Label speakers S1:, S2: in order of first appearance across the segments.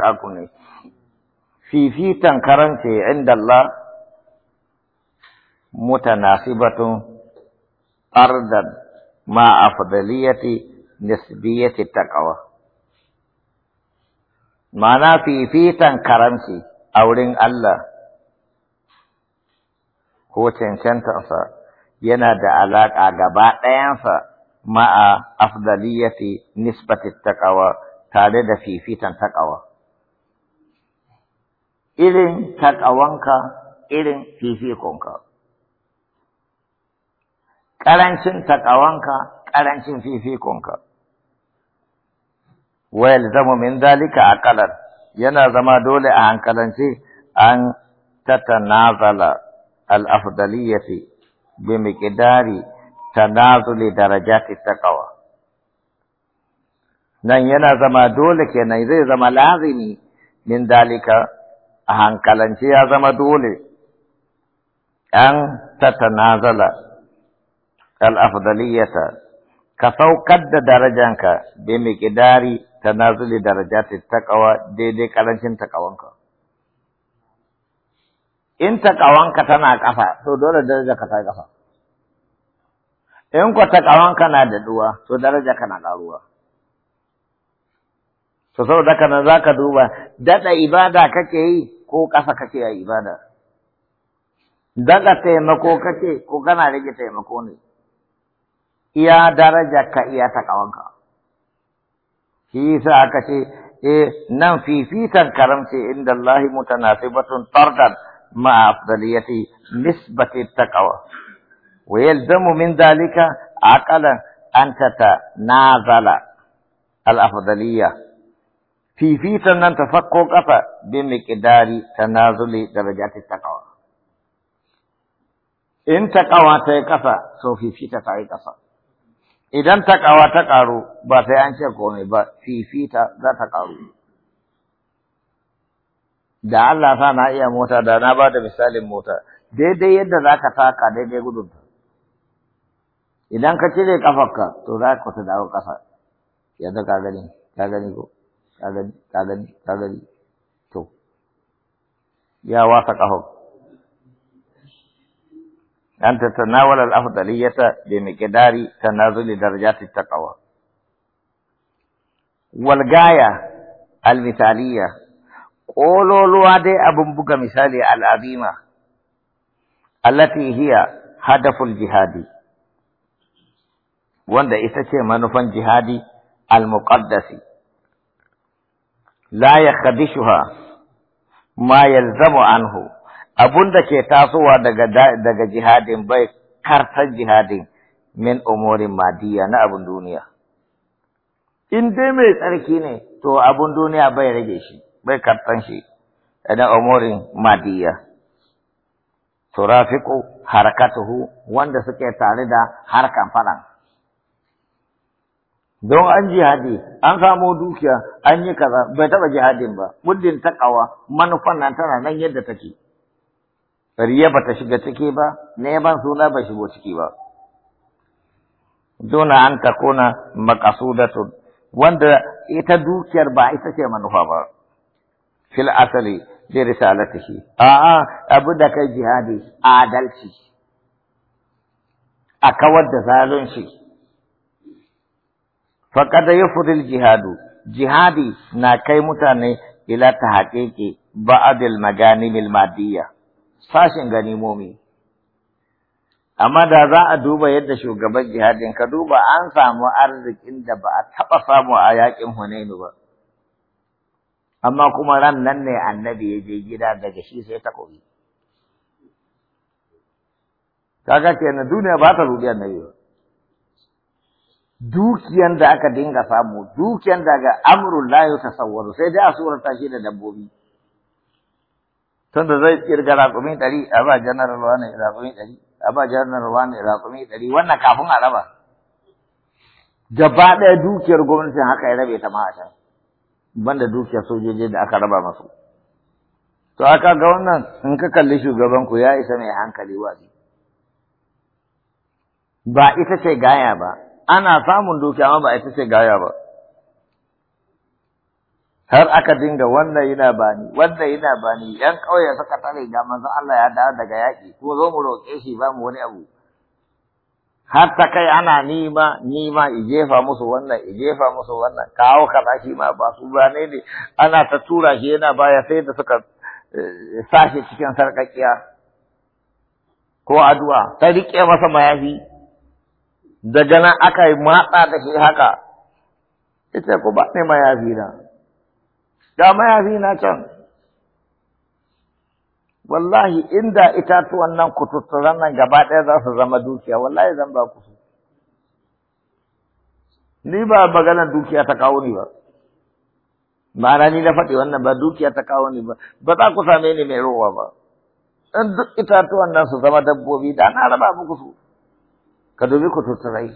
S1: taku ne fifitan karance inda Allah mutanasibatun ardan ma afdaliyati nisbiyati taqwa ma'ana fifitan karanci a wurin Allah ko cancantarsa yana da alaƙa gaba ɗayansa ma'a afdaliyati nisbati taqwa tare da fifitan taqwa irin takawanka irin fifikonka. Ƙarancin takawanka, ƙarancin fifikonka. Wayal zama min dalika a kalar, yana zama dole a hankalance an tatanazala al'afdaliyyati bi miƙidari tanazuli darajati takawa. Nan yana zama dole kenan zai zama lazini min dalika a hankalance ya zama dole an tatanazala al-afdaliyata ka saukar da darajanka bi miqdari tanazuli darajati taqwa daidai karancin taqawanka in taqawanka tana kafa to dole daraja ka ta kafa in ko taqawanka na da duwa to daraja kana karuwa to saboda haka nan zaka duba dada ibada kake yi ko kasa kake a ibada daga taimako kake ko kana rage taimako ne iya daraja ka iya takawanka shi yasa aka ce eh nan fifitan karamci inda Allah mutanasibatun tardan ma afdaliyati nisbati taqwa wa yalzamu min dhalika aqalan an na al afdaliyah fifitan nan ta fakko kafa bi miqdari tanazuli darajati taqwa in taqwa ta yi kafa, so fifita ta yi kafa. idan taqwa ta ƙaru, ba sai an ce komai ba fifita za ta ƙaru. da Allah sa na iya mota da na ba da misalin mota daidai yadda za ka taka daidai gudun, idan ka cire kafarka to za ka ta dawo ƙasa yanzu ka gani ka gani ko kaga kaga kaga to أن تتناول الأفضلية بمقدار تنازل درجات التقوى والغاية المثالية قولوا لوادي أبو بك مثالي العظيمة التي هي هدف الجهاد وند إتشي منفا جهادي المقدسي la ya khadishuha ma yalzamu anhu abun da ke tasowa daga jihadin bai kartar jihadin min umurin madiya na abun duniya in dai mai tsarki ne to abun duniya bai rage shi bai kartan shi na umurin madiya turafiqu harkatuhu wanda suke tare da harkan faɗan don an jihadi an samo dukiya an yi kaza bai taɓa jihadin ba muddin takawa manufan nan tana nan yadda take riya ba ta shiga ciki ba neman suna ba shigo ciki ba dona an ta kona maqasudatun wanda ita dukiyar ba ita ce manufa ba fil asali bi risalatihi a'a abu da kai jihadi adalci a kawar da zalunci فقد jihadu, jihadi na kai mutane متاني إلى تحقيق بعض المجانب المادية sashen ganimomi amma da za a duba yadda shugaban jihadin ka duba an samu arzikin da ba a taɓa samu a yaƙin Hunainu ba amma kuma ran nan ne annabi ya je gida daga shi sai takobi kaga kenan duniya ba ta rubi annabi ba dukiyan da aka dinga samu dukiyan daga amrul la yatasawwaru sai dai a surata shi da dabbobi tunda zai kirga raƙumi ɗari a ba janar wani raƙumi ɗari a ba janar wani raƙumi ɗari wannan kafin a raba gaba ɗaya dukiyar gwamnatin haka ya rabe ta ma a can banda dukiyar sojoji da aka raba masu to aka ga wannan in ka kalli shugaban ku ya isa mai hankali wa ba ita ce gaya ba ana samun dukiya amma ba ita ce gaya ba har aka dinga wannan yana bani wannan yana bani yan ƙauye suka tare ga manzo Allah ya dawo daga yaƙi ko zo mu roƙe shi ba mu wani abu har ta kai ana nima nima jefa musu wannan jefa musu wannan kawo kaza shi ma ba su ba ne ana ta tura shi yana baya sai da suka eh, sashi cikin sarƙaƙiya ko addu'a ta riƙe masa mayafi daga nan aka yi matsa da shi haka ita ku ba ne mayafi na da mayafi na can wallahi inda itatuwan nan kututturan nan gaba ɗaya za su zama dukiya wallahi zan ba ku su ni ba maganar dukiya ta kawo ni ba ma'ana ni na faɗi wannan ba dukiya ta kawo ni ba ba za ku same ni mai rowa ba in duk itatuwan nan su zama dabbobi da na raba muku su ka dubi kututturai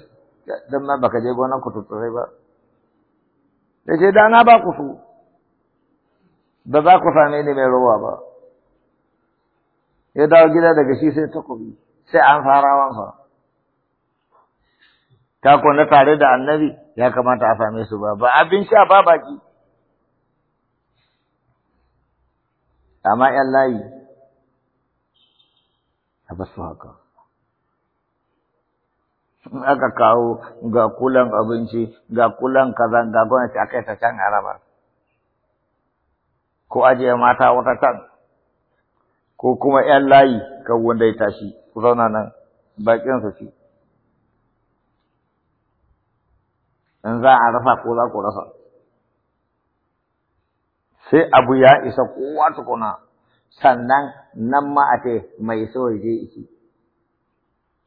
S1: don ma baka je gonan kututturai ba da ce dana ba ku su ba za ku same ni mai ruwa ba ya dawo gida daga shi sai takobi sai an fara wanka ta kone tare da annabi ya kamata a same su ba ba abin sha ba baki amma yan layi a basu haka in aka kawo ga kulan abinci ga kulan kaza ga gwamnati aka yi ta can araba ko ajiye mata wata can ko kuma yan layi kan wanda ya tashi ku zauna nan bakin su ci in za a rasa ko za ku rasa sai abu ya isa kowa tukuna sannan nan ma a mai so je ishi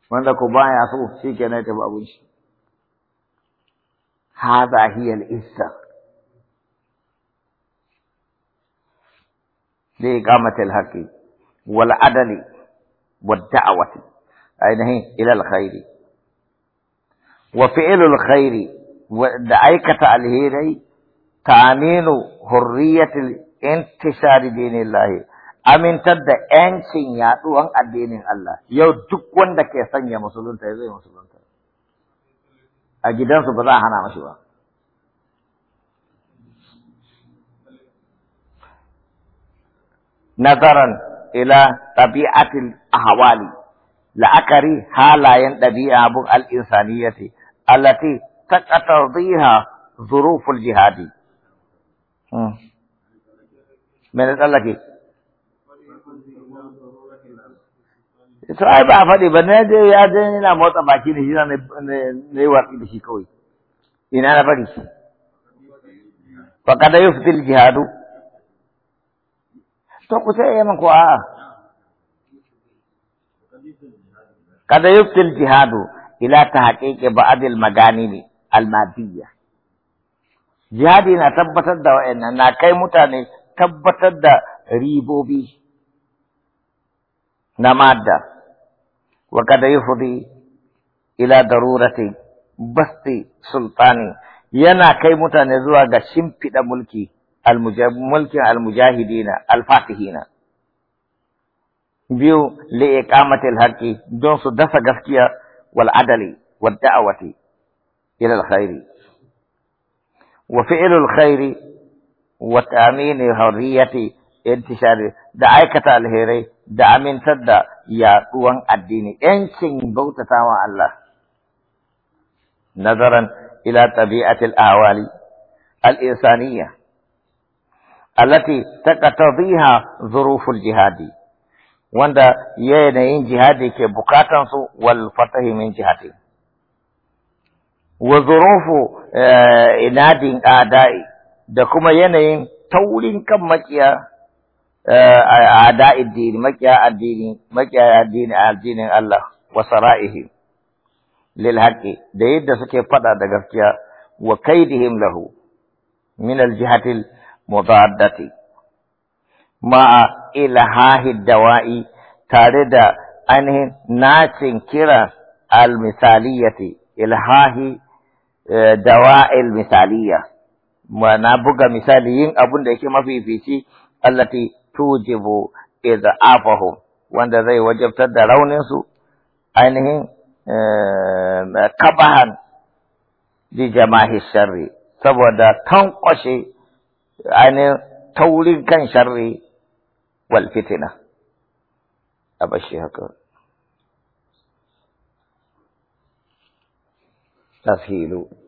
S1: wanda ku baya so shi ke na tafi abin shi hada hiya al-issa isa da al haqqi wal adali wad da'wati ainihi ila al khairi wa fi'lul khairi da aikata ta'minu hurriyat al intishari dinillahi amintar da ‘yancin yaɗuwan addinin Allah, yau duk wanda ke sanya musulunta ya zai musulunta, a gidansu ba za a hana mashi ba. Nazaran ila ɗabi'atil ahawali, la'akari halayen dabi'a ɗabi'a al-insaniyati allati taqatadhiha ƙatar zuruful jihadi. Mene tsallake? to ba a faɗi ba Ne je ya je yana motsa baki da shi na watsi da shi kawai ina na faɗi shi fa kada yuftil jihadu to ku sai yaman eh, ko a'a kada yuftil jihadu ila ta haƙiƙe ba'adil magani ne almadiyya jihadi na tabbatar da wa'annan na kai mutane tabbatar da ribobi na madda وقد يفضي إلى ضرورة بسط سلطاني ينا كي غا شمفد ملكي الملك المجاهدين الفاتحين بيو لإقامة الحق دون صدف قفكية والعدل والدعوة إلى الخير وفعل الخير وتأمين حرية انتشار دعاية الهيري da amintar da yaduwan addini yancin bautatawa Allah nazaran ila tabi'atil awali al insaniya allati taqtadiha dhuruful jihadi wanda yanayin jihadi ke bukatan su wal fatahi min jihadi wa dhurufu inadin adai da kuma yanayin taurin kan makiya a da'iddini makiya addini makiya addini addinin Allah wa sara'ihi lil haqqi da yadda suke fada da gaskiya wa kaidihim lahu min al jihati al mutaaddati ma'a ilahahi dawa'i tare da ainihin nacin kira al misaliyati ilahahi dawa'il misaliya ma na buga misali yin abun da yake mafifici allati tujibu idha'afahum wanda zai wajabtar da raunin su ainihin eh, kabahan li jama'i sharri saboda tankwashe ainihin taurin kan sharri wal fitina a bashi haka تسهيل